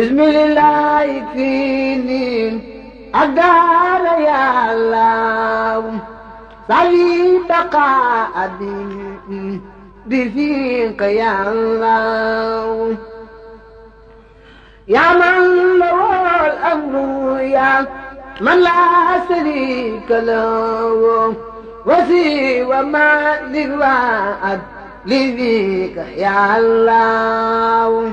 بسم الله يكفيني أدار يا الله صلي بقاء بي بفيق يا الله يا من له الأمر يا من لا شريك له وسوى ما للوعد لذيك يا الله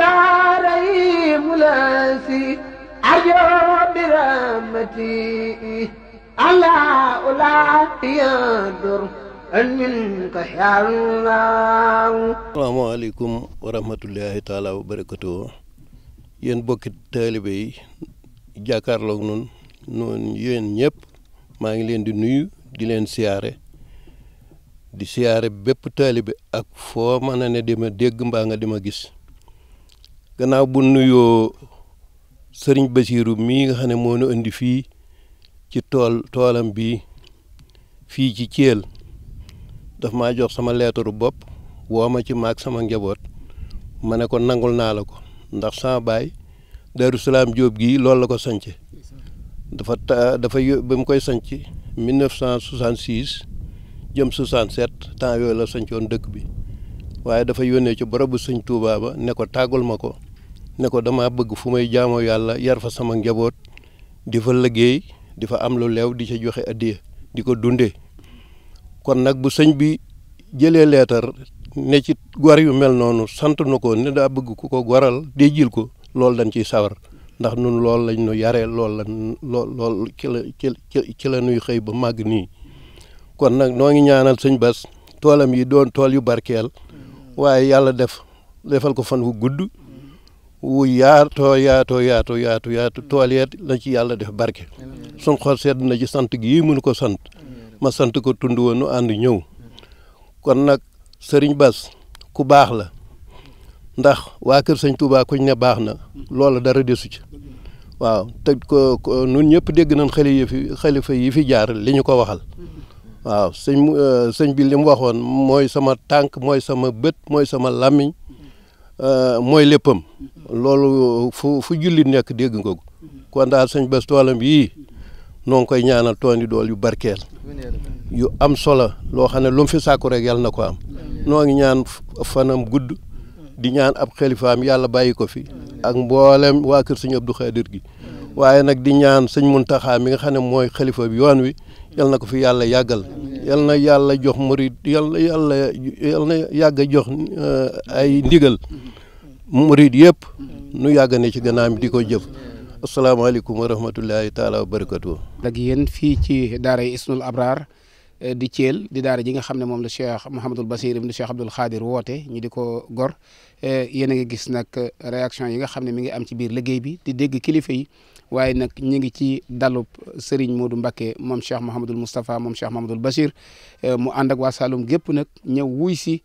عسى ملاسي أرجو برحمتي الله لا يضر salaamaaleykum wa rahmatullahi taala wa barakatu yéen bokki taalibe yi jàkkaarloog noonu noonu yéen ñëpp maa ngi leen di nuyu di leen siyaare di siyaare bépp taalibe ak foo mën a ne di ma dégg mbaa nga di ma gis gannaaw bu nuyoo sëriñ Basiiru mii nga xam ne moo nu indi fii ci tool toolam bii fii ci Thiel daf maa jox sama leetaru bopp woo ma ci maag sama njaboot ma ne ko nangul naa la ko ndax sama baay Daaru Salaam Jóob gii loolu la ko sance dafa ta dafa ba mu koy sanc 1966 jëm 67 temps yooyu la sancoon dëkk bi waaye dafa yónnee ci borobu sëñ Tuubaa ne ko tàggul ma ko ne ko dama bëgg fu may jaamoo yàlla yar fa sama njaboot di fa liggéey di fa am lu leew di ca joxe addiya di ko dundee kon nag bu sëñ bi jëlee leetar ne ci gor yu mel noonu sant na ko ne daa bëgg ku ko goral dee jil ko loolu dañ ciy sawar ndax nun loolu lañ nu yaree lool lañ lool ci la ci nuy xëy ba màgg nii kon nag noo ngi ñaanal sëñ Bass toolam yi doon tool yu barkeel mm. waaye yàlla def defal ko fan wu gudd wu yaatoo yaatoo yaatoo yaatu yaatu tool ya ci yàlla def barke sun xol sedd na ci sant gi mënu ko sant ma sant ko tund woon nu ànd ñëw kon nag sëriñ Bas ku baax la ndax waa kër sëñ Touba ne baax na loola dara desu ci waaw te ko nun ñëpp dégg na xale yi fi xalifa yi fi jaar li ko waxal waaw sëñ euh, sëñ bi li mu waxoon mooy sama tànk mooy sama bët mooy sama làmmiñ euh, mooy léppam loolu fu julli nekk dégg nga ko kon daal sëñ bés toolam yii noo ngi koy ñaanal tool yi dool yu barkeel yu am solo loo xam ne lu fi sàkku rek yàlla na ko am noo ngi ñaan fanam gudd di ñaan ab xalifaam yàlla bàyyi ko fi ak mboolem waa kër sëñ Abdou Khadir gi waaye nag di ñaan sëñ Muntaxa mi nga xam ne mooy xalifa yoon wi yal na ko fi yàlla yàggal yal na yàlla jox murid yal na yàlla yàgg jox eh, ay ndigal murid yëpp nu yàgg ne ci gannaam di ko jëf asalaamaaleykum wa rahmatullahi taala wa barakatu ak yéen fii ci daara yi Hisnul Abraar eh, di Thiel di daara ji nga xam ne moom la Cheikh Mouhamadul Basir ibn Cheikh Abdoul Khadir woote ñu di ko gor eh, yéen a ngi gis nag eh, réaction yi nga xam ne mi ngi am ci biir liggéey bi di dégg kilifa yi waaye nag ñu ngi ci dalub Serigne moodu Mbacké moom Cheikh Mouhamadul Moustapha moom Cheikh Mouhamadul Bachir eh, mu ànd ak waa Saloum gépp nag ñëw wuy si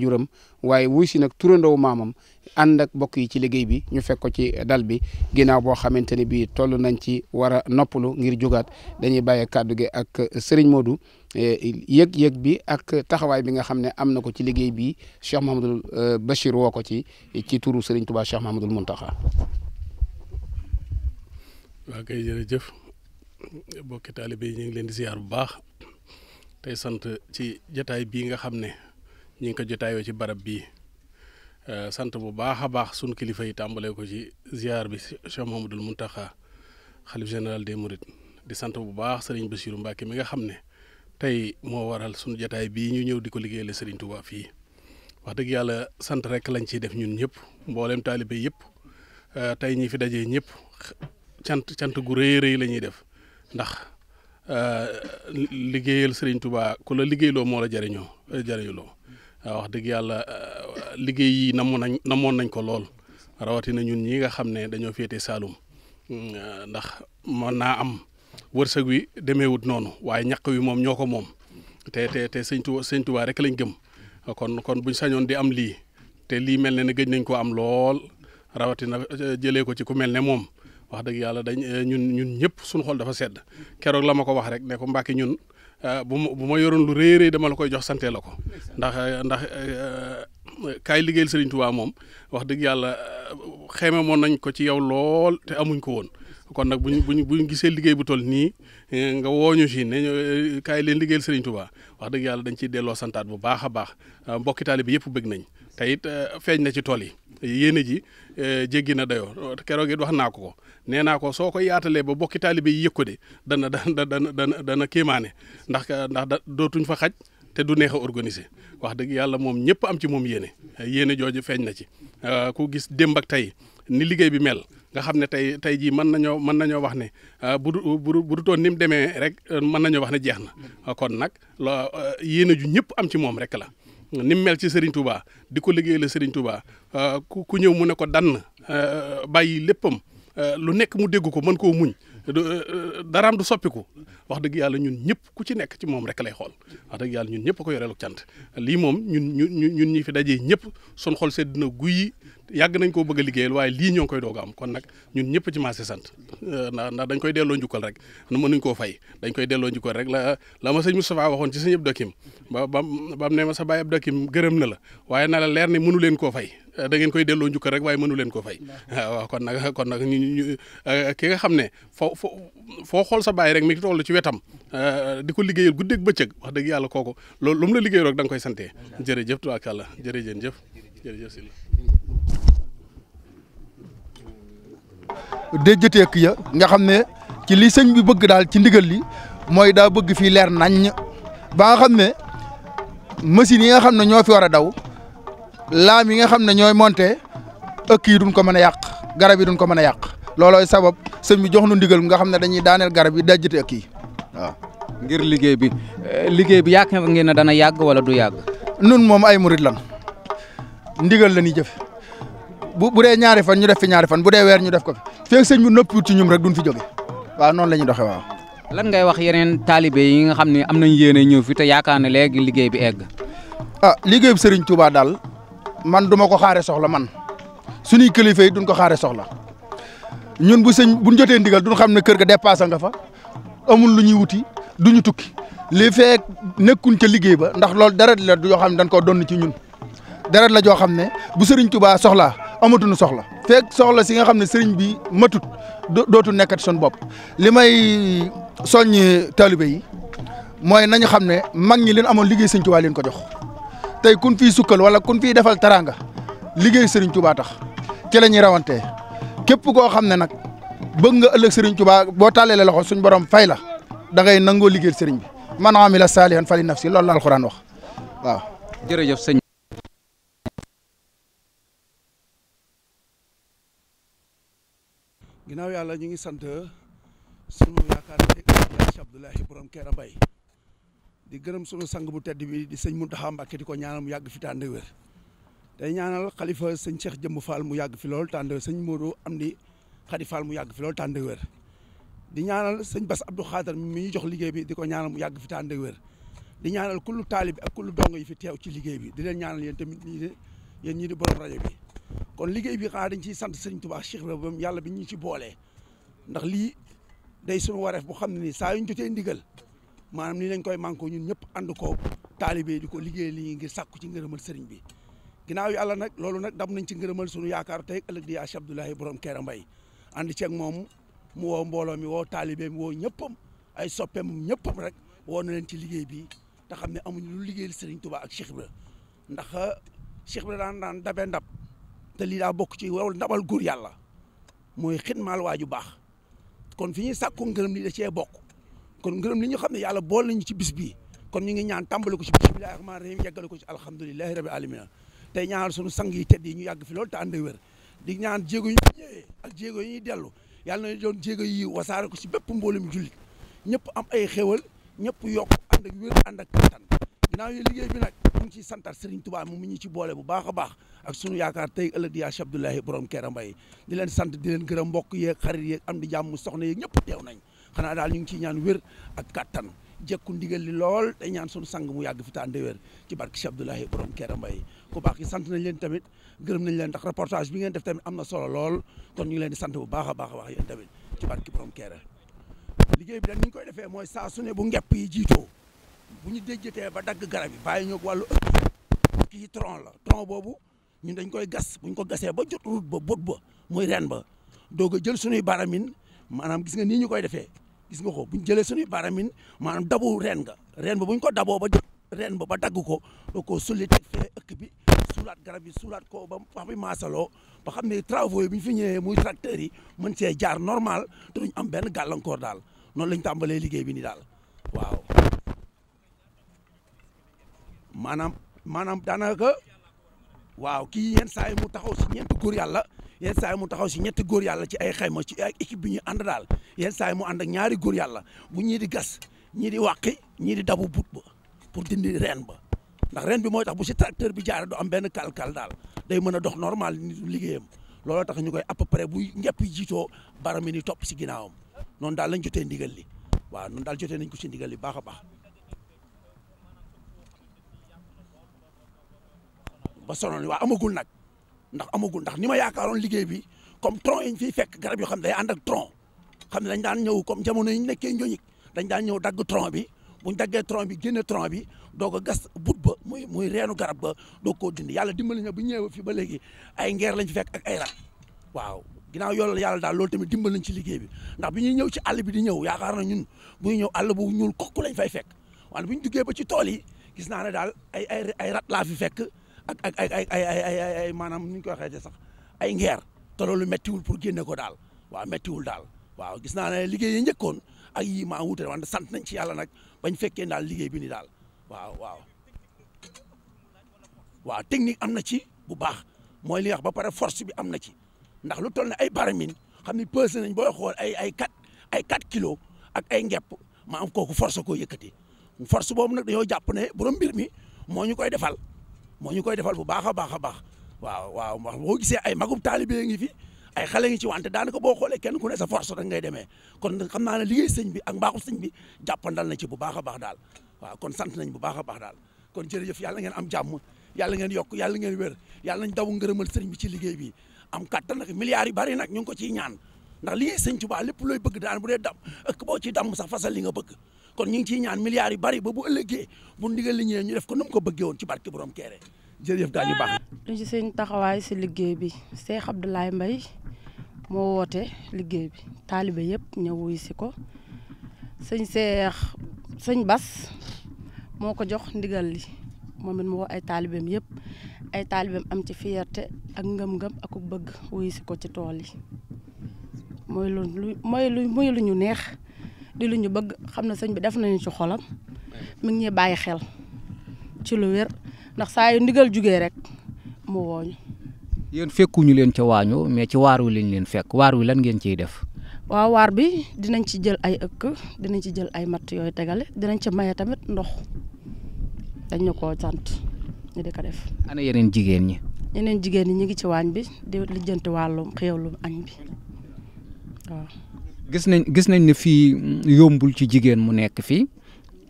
juram waaye wuy si nag turandoo maamam ànd ak mbokk yi ci liggéey bi ñu fekk ci dal bi ginnaaw boo xamante ne bii toll nañ ci war a noppalu ngir jugaat dañuy bàyyee kàddu gi ak Serigne Modou eh, yëg-yëg bi ak taxawaay bi nga xam ne am na ko ci liggéey bi Cheikh Mouhamadul eh, bashir woo ko ci ci turu Serigne Touba Cheikh Mouhamadul Mountakha waa kay jërëjëf bokki taalibe ñu ngi leen di ziar bu baax tey sant ci jataay bii nga xam ne ñu ngi ko jotaayoo ci barab bii sant bu baax a baax sunu kilifa yi tàmbalee ko ci ziar bi Cheikh Mouhamadoul Mountakha xalif général des Mourides di sant bu baax sëriñ Bassirou Mbacke mi nga xam ne tey moo waral sunu jataay bii ñu ñëw di ko liggéeyale sëriñ Touba fii wax dëgg yàlla sant rek lañ ciy def ñun ñëpp mboolem taalibe yëpp tey ñi fi dajee ñëpp. cant cant gu rëy rëy lañuy def ndax euh, liggéeyal Serigne tubaa ku la liggéeyloo moo la jariñoo euh, jariñuloo wax dëgg yàlla euh, liggéey yi namoon nañ namoon nañ ko lool rawatina ñun ñi nga xam ne dañoo féete Saalum ndax mën naa am wërsëg wi demeewut noonu waaye ñaq wi moom ñoo ko moom te te te sëñ Tuubaa sëñ rek lañ gëm kon kon buñ sañoon di am lii te lii mel ne ne gëj nañ ko am lool rawatina jëlee ko ci ku mel ne moom wax dëgg yàlla dañ eh, ñun ñun ñëpp suñu xol dafa sedd keroog la ma ko wax rek ne ko Mbàkke ñun eh, bu ma bu ma yoroon lu rëy rëy dama la koy jox sante la ko ndax eh, ndax kaay liggéeyal Sëriñ Tuubaa moom wax dëgg yàlla xeme moon nañ ko ci yow lool te amuñ ko woon kon nag buñ buñ buñ gisee liggéey bu toll nii nga wooñu si ne kaay leen liggéeyal Sëriñ Tuubaa wax dëgg yàlla dañ ciy delloo santaat bu baax a baax mbokki taalibe bi yëpp bëgg nañ te feeñ na ci tool yi yéene ji jéggi na dayoo keroog it wax naa ko ko nee naa ko soo ko yaatalee ba bokki taalibe yi de dana dana dana dana kéemaane ndax ndax da dootuñ fa xaj te du neex a organiser wax dëgg yàlla moom ñëpp am ci moom yéene yéene jooju feeñ na ci euh, ku gis démb ak tey ni liggéey bi mel nga xam ne tey tey jii mën nañoo mën nañoo wax ne euh, bu bu bu dutoon ni mu demee rek euh, mën nañoo wax ne jeex na kon nag la yéene ju ñëpp am ci moom rek la. ni mu mel ci Serigne Touba di ko liggéey la Serigne Touba ku ku ñëw mu ne ko dann bàyyi léppam. Euh, lu nekk mu dégg ko mën koo muñ euh, euh, daraam du soppiku wax dëgg yàlla ñun ñëpp ku ci nekk ci moom rek lay xool wax dëgg yàlla ñun ñëpp a ko yoreelu cant lii moom ñun ñun ñun ñi fi dajee ñëpp sun xol sedd na guy yàgg nañ koo bëgg a liggéeyal waaye lii ñoo ngi koy doog am kon nag ñun ñëpp ci maase sant ndax dañ koy delloo njukkal rek nu mënuñ koo fay dañ koy delloo njukkal rek la la ma sa Moustapha waxoon ci sëñ Abdou Hakim ba ba bam ne ma sa baay Abdou Hakim gërëm na la waaye na leer ne mënu leen koo fay Eh, da ngeen koy delloo njukkal rek waaye mënu leen ko fay ah, waaw kon nag kon nag ñu eh, ki nga xam ne foo foo xool sa baay rek mi ngi toll ci wetam eh, di ko liggéeyal guddeeg bëccëg wax dëgg yàlla kooku loolu lu mu la liggéey rek da nga koy santee jërëjëf tubaab kàlla jërëjëf jëf jërëjëf si déjjateek ya nga xam ne ci li sëñ bi bëgg daal ci ndigal li mooy daa bëgg fii leer nañ ba xam ne machines yi nga xam ne ñoo fi war a daw laam yi nga xam ne ñooy monté ëkk yi duñ ko mën a yàq garab yi duñ ko mën a yàq loolooy sabab sëñ bi jox nu ndigal nga xam ne dañuy daaneel garab yi dajjate ëkk yi ngir liggéey bi eh, liggéey bi yaakaar ngeen ne dana yàgg wala du yàgg. nun moom ay murit lan ndigal la ñuy jëf bu bu dee ñaari fan ñu def fi ñaari fan bu dee weer ñu def ko fi feeg sëñ bi noppiwut ci ñum rek duñ fi jóge waa noonu la ñu doxee waaw. lan ngay wax yeneen taalibe yi nga xam ne am nañ yéene ñëw fi te yaakaar ne léegi liggéey bi egg. Ah, liggéey bi Serigne Touba daal man duma ko xaare soxla man suñuy kilifa yi duñ ko xaare soxla ñun bu sëñ buñ jotee ndigal duñ xam ne kër ga dépassé nga fa amul lu ñuy wuti duñu tukki li feek nekkuñ ca liggéey ba ndax loolu deret la yoo xam ne dañ koo donn ci ñun deret la joo xam ne bu sëriñ tubaa soxlaa amatuñu soxla feek soxla si nga xam ne sëriñ bi matut dootu nekkat suñu bopp li may soññ taalibe yi mooy nañu xam ne mag ñi leen amoon liggéey sëñ tubaa leen ko jox tey kun fiy sukkal wala kun fiy defal teraanga liggéey sëriñ Touba tax ci la rawante képp koo xam ne nag bëgg nga ëllëg sëriñ Touba boo tàllee la loxo suñ borom fay la dangay ngay nangoo liggéeyal sëriñ bi man amila saalihan fali nafsi loolu la alxuraan wax waaw. jërëjëf sëñ ginnaaw yàlla ñu ngi sant sunu yaakaar ne Cheikh di gërëm sunu sang bu tedd bi di sëñ Mountakha Mbacké di ko ñaanal mu yàgg fi tànd wér day ñaanal xalifa sëñ Cheikh Jëmb Fall mu yàgg fi lool tànd sëñ Modou Amdi Khady Fall mu yàgg fi lool tànd wér di ñaanal sëñ Bass Abdou Khader mi ñu jox liggéey bi di ko ñaanal mu yàgg fi tànd wér di ñaanal kullu taalib ak kullu dong yi fi teew ci liggéey bi di leen ñaanal yéen tamit ñii di ñii di borom rajo bi kon liggéey bi xanaa dañ ciy sant sëñ Touba Cheikh la ba yàlla bi ñu ci boolee ndax lii day sunu wareef bu xam ne nii saa yuñ jotee ndigal maanaam nii lañ koy mànkoo ñun ñëpp ànd ko taalibe di ko liggéey li ngir sàkku ci ngërëmal sëriñ bi ginnaaw yàlla nag loolu nag dam nañ ci ngërëmal sunu yaakaar tey ëllëg di Cheikh Abdoulahi borom Kera Mbay ànd ceeg moom mu woo mbooloo mi woo taalibe mi woo ñëppam ay soppeem rek woo na leen ci liggéey bi te xam ne amuñu lu liggéeyal sëriñ Tuubaa ak Cheikh Ibra ndax Cheikh Ibra daan daan dabe ndab te lii daa bokk ci wol ndabal góor yàlla mooy xidmaal waaju baax kon fi ñuy sàkku bokk kon ngërëm li ñu xam ne yàlla bool nañu ci bis bii kon ñu ngi ñaan tàmbali ko ci bismillahi rahmaani rahim yeggale ko ci alhamdulilahi rabi alamina tey ñaanal sunu sang yi tedd yi ñu yàgg fi loolu te ànd wér di ñaan jéego yi ak jéego yi dellu yàlla nañu jéego yi wasaare ko ci bépp mboolum jullit ñëpp am ay xéwal ñëpp yokk am ak wér ànd ak kattan ginnaaw yi liggéey bi ñu ngi ciy santaat Serigne Touba mu ñu ci boole bu baax baax ak sunu yaakaar tey ëllëg yaa Cheikh Abdoulahi borom Kera Mbaye di leen sant di leen gërëm mbokk yeeg xarit yeeg am di jàmm soxna yeeg ñëpp teew nañ xanaa daal ñu ngi ciy ñaan wér ak kàttan jekku ndigal li lool day ñaan sunu sang mu yàgg fi taan déwéer ci barke Cheikh Abdoulaye borom Kera Mbaye ku baax yi sant nañ leen tamit gërëm nañ leen ndax reportage bi ngeen def tamit am na solo lool kon ñu ngi leen di sant bu baax a baax a baax yéen tamit ci barke borom Kera liggéey bi dañ ni ñu koy defee mooy saa su bu ngepp yi jiitoo bu ñu déjjatee ba dagg garab yi bàyyi ñoo wàllu ëpp kii tronc la tronc boobu ñun dañ koy gas bu ñu ko gasee ba jot route ba bot ba muy ren ba doog a jël sunuy baramin maanaam gis nga nii ñu koy defee gis nga ko bu ñu jëlee suñuy baramin maanaam dabu reen nga reen ba bu ñu ko daboo ba jot reen ba ba dagg ko doo ko sulli fee ëkk bi suulaat garab yi suulaat ko ba wax bi maasaloo ba xam ne travaux yi bu fi ñëwee muy tracteurs yi mën see jaar normal te am benn gàllankoor daal noonu lañ tàmbalee liggéey bi ni daal waaw maanaam maanaam daanaka waaw kii yenn saa yi mu taxaw si ñeenti góor yàlla yenn saa mu taxaw si ñetti góor yàlla ci ay xayma ci ay bi ñu ànd daal yenn saa mu ànd ak ñaari góor yàlla bu ñii di gas ñii di wàqi ñii di dabu but ba pour dindi reen ba ndax reen bi mooy tax bu si tracteur bi jaare du am benn kalkal daal day mën a dox normal liggéeyam looloo tax ñu koy à peu près bu ñëpp jiitoo barami ni topp si ginnaawam noonu daal lañ jotee ndigal li waaw noonu daal jotee nañ ko si ndigal li baax a baax ba ni waaw amagul nag ndax amagul ndax ni ma yaakaaroon liggéey bi comme tronc yi ñu fiy fekk garab yoo xam ne day ànd ak tronc xam ne dañ daan ñëw comme jamono yi ñu nekkee njoñik dañ daan ñëw dagg tron bi buñ daggee tron bi génne tron bi doog a gas but ba muy muy reenu garab ba doog koo dindi yàlla dimbali na bu ñëwee fi ba léegi ay ngeer lañ fi fekk ak ay rat waaw ginnaaw yoolal yàlla daal loolu tamit dimbal nañ ci liggéey bi ndax bi ñuy ñëw ci àll bi di ñëw yaakaar na ñun bu ñëw àll bu ñuul kokku lañ fay fekk wante bu ñu duggee ba ci tool yi gis naa ne daal ay ay ay rat laa fi fekk ak ak ay ay ay ay ay ay maanaam nu ñu ko waxee sax ay ngeer te loolu méttiwul pour génne ko daal waaw méttiwul daal waaw gis naa ne liggéey yi njëkkoon ak yii maa wuute wante sant nañ ci yàlla nag bañ fekkee daal liggéey bi ni daal waaw waaw waaw technique am na ci bu baax mooy li wax ba pare force bi am na ci ndax lu toll ne ay baramine xam ni pesé nañ booy xool ay ay quatre ay quatre kilos ak ay ngepp ma am kooku force koo yëkkati force boobu nag dañoo jàpp ne borom mbir mi moo ñu koy defal moo ñu koy defal bu baax a baax a baax waaw waaw wax boo gisee ay magum taalibe ngi fi ay xale ngi ci wante daanaka boo xoolee kenn ku ne sa force rek ngay demee kon xam naa ne liggéey sëñ bi ak mbaaxu sëñ bi dal na ci bu baax a baax daal waaw kon sant nañ bu baax a baax daal kon jërëjëf yàlla ngeen am jàmm yàlla ngeen yokk yàlla ngeen wér yàlla nañ daw ngërëmal sëriñ bi ci liggéey bi am kattan nag milliards yu bari nag ñu ngi ko ciy ñaan ndax liggéey sëñ Tuubaa lépp looy bëgg daan bu dee dam ak boo ci damm sax fasal li nga bëgg kon ñu ngi ciy ñaan milliards yu bari ba bu ëllëgee bu ndigal li ñëwee ñu def ko nu mu ko bëggee woon ci barke borom keere jërëjëf gaa ñu baax lu ci seen taxawaay si liggéey bi Cheikh Abdoulaye Mbaye moo woote liggéey bi taalibe yëpp ñëw wuy si ko sëñ Cheikh sëñ Bas moo ko jox ndigal li moom it mu woo ay taalibeem yëpp ay taalibeem am ci fierté ak ngëm-ngëm ak bëgg wuyu ko ci tool yi mooy lu mooy lu muy lu ñu neex di lu ñu bëgg xam na sëñ bi def nañu ci xolam mi ngi bàyyi xel ci lu wér ndax saa yu ndigal jugee rek mu wooñu yéen fekkuñu leen ca waañu mais ci waar wi lañ leen fekk waar wi lan ngeen ciy def. waaw waar bi dinañ ci jël ay ëkk dinañ ci jël ay matt yooyu tegale dinañ ci maye tamit ndox dañ ñu ko sant ñu di ko def. ana yeneen jigéen ñi. yeneen jigéen ñi ñu ngi ci waañ bi di lijjanti wàllum xéewlu añ bi gis nañ gis nañ ne fii yombul ci jigéen mu nekk fii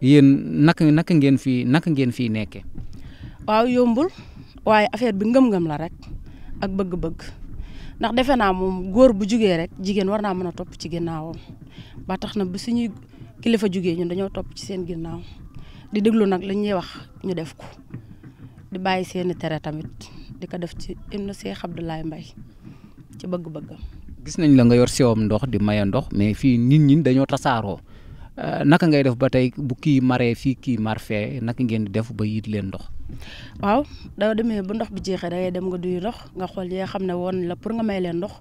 yéen naka naka ngeen fii naka ngeen fii nekkee. waaw yombul waaye affaire bi ngëm-ngëm la rek ak bëgg-bëgg ndax defe naa moom góor bu jugee rek jigéen war naa mën a topp ci ginnaawam ba tax na bu suñuy kilifa jugee ñun dañoo topp ci seen ginnaaw di déglu nag lañuy wax ñu def ko di bàyyi seeni tere tamit di ko def ci Ibn Cheikh Abdoulaye mbay ci bëgg-bëggam. gis nañ la nga yor siwam ndox di maye ndox mais fii nit ñi dañoo tasaaroo euh, naka ngay def ba tey bu kii maree fii kii mar fee naka ngeen di def ba yit leen ndox. waaw da demee bu ndox bi jeexee da ngay dem nga duy ndox nga xool yi nga xam ne woon la pour nga may leen ndox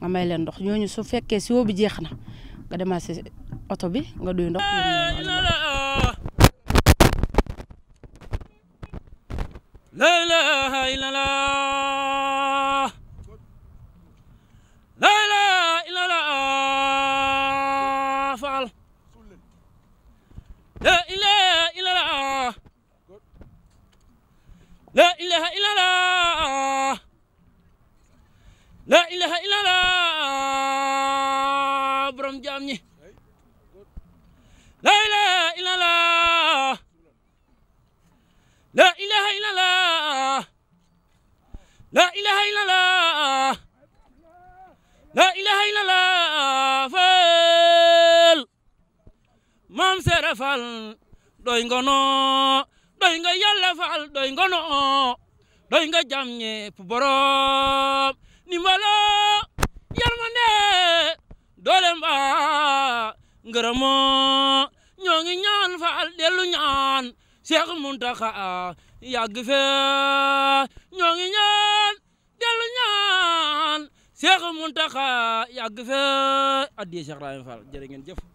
nga may leen ndox ñooñu su fekkee siwo bi jeex na nga demaat si oto bi nga duy ndox. la ilaha laa ilaaha illa llaah faal laa ilaaha laa ilaaha illa jaam ñi laa ilaaha laa ilaaha laa ilaaha la ilaha illallah faal maam seere faal doy nga noo doy nga yàlla faal doy nga noo doy nga jam mbaa ngërëmoo ñoo ngi ñaan faal dellu ñaan Seex Muntaxa yàgg fee ñoo ngi ñaan Cheikh Mountakha yàgg fee addiya Cheikh Ibrahima Fall jërë ngeen jëf